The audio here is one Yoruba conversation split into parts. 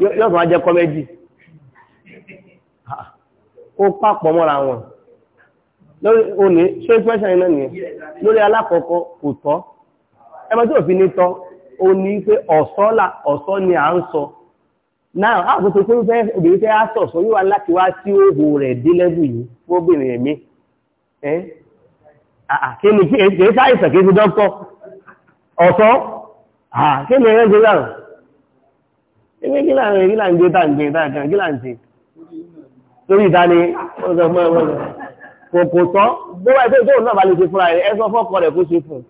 yóò fún wa jẹ́ kọ́mẹ́dì ó pàpọ̀ mọ́ra wọn lórí òní ṣé fẹ́ṣẹ̀ iná nìyẹn lórí alákọ̀ọ́kọ́ kò tọ́ ẹgbẹ́ tí òfin ní tọ́ ó ní pé ọ̀sọ́ ni à ń sọ náà àkóso tó fẹ́ obìnrin fẹ́ á sọ̀sọ́ yóò wá láti wá sí òhò rẹ̀ dé lẹ́bù yìí fún obìnrin ẹ̀mí ẹ́ àkíní kí èyí é ìsàn kí ti dọ́kọ̀ ọ̀sọ́ àkíní ẹ̀rẹ́ gbé láàrùn ewé kí láàrin kí láàrin gbé tàǹgbé tàǹkan kí láàrin sí lórí ìdáni ọ̀sẹ̀ fún ẹ̀wọ̀n rẹ̀ kò kò tọ́ bó wáyé tó náà bá lè ṣe fúnra rẹ̀ ẹ sọ fọ́kọ rẹ̀ kó ṣe fún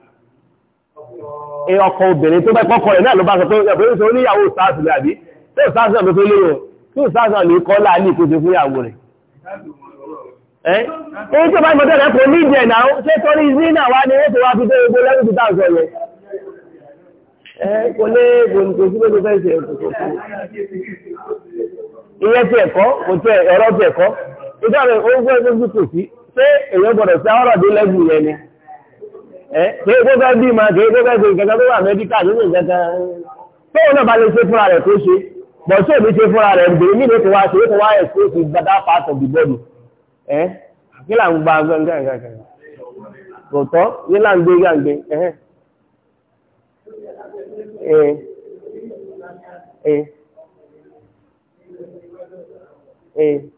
ẹ ọkọ obìnrin tó bá kọ́kọ rẹ̀ náà ló bá sọ pé ọ̀pẹ̀lú sọ oníyàwó sáàsì rẹ̀ àbí tó sáàsì náà tó léwọ̀ tó sáàsì náà lè kọ́ láàlì kó ṣe fún ìyàwó rẹ̀ ẹ́ ohun tó bá ń bọ́ tẹ́lẹ̀ kò ní ìjẹ̀ náà ṣé tọ́rí zina wá ní ó tó wá fi tó gbogbo lẹ́rù kò lé gbòǹgbò sí gbogbo fẹ́ ṣe kò tó. iye tí ẹ̀kọ́ kò tẹ ọ̀rọ̀ tí ẹ̀kọ́ ìjọ rẹ̀ ó gbọ́ ẹgbẹ́ kò sí ṣé èèyàn gbọ́dọ̀ sí ọ̀rọ̀ dé lẹ́gùn yẹn ni. ẹ kì í gbọ́dọ̀ bí ma kì í gbọ́dọ̀ ṣe nǹkan tó wà mẹ́díkà nínú nǹkan kan. tóun náà bá lè ṣe fúnra rẹ̀ tó ṣe bọ̀ sí èmi ṣe fúnra rẹ̀ gbèrè mí ló ti wá ṣe é ti wá ẹ̀ tó ti gbadá pàtó bíbọ́ọ̀lù. ẹ kí là ń gba gbọ̀ngàn gàgàgà. kò tọ́ là ń gbé gàgbé. eh eh eh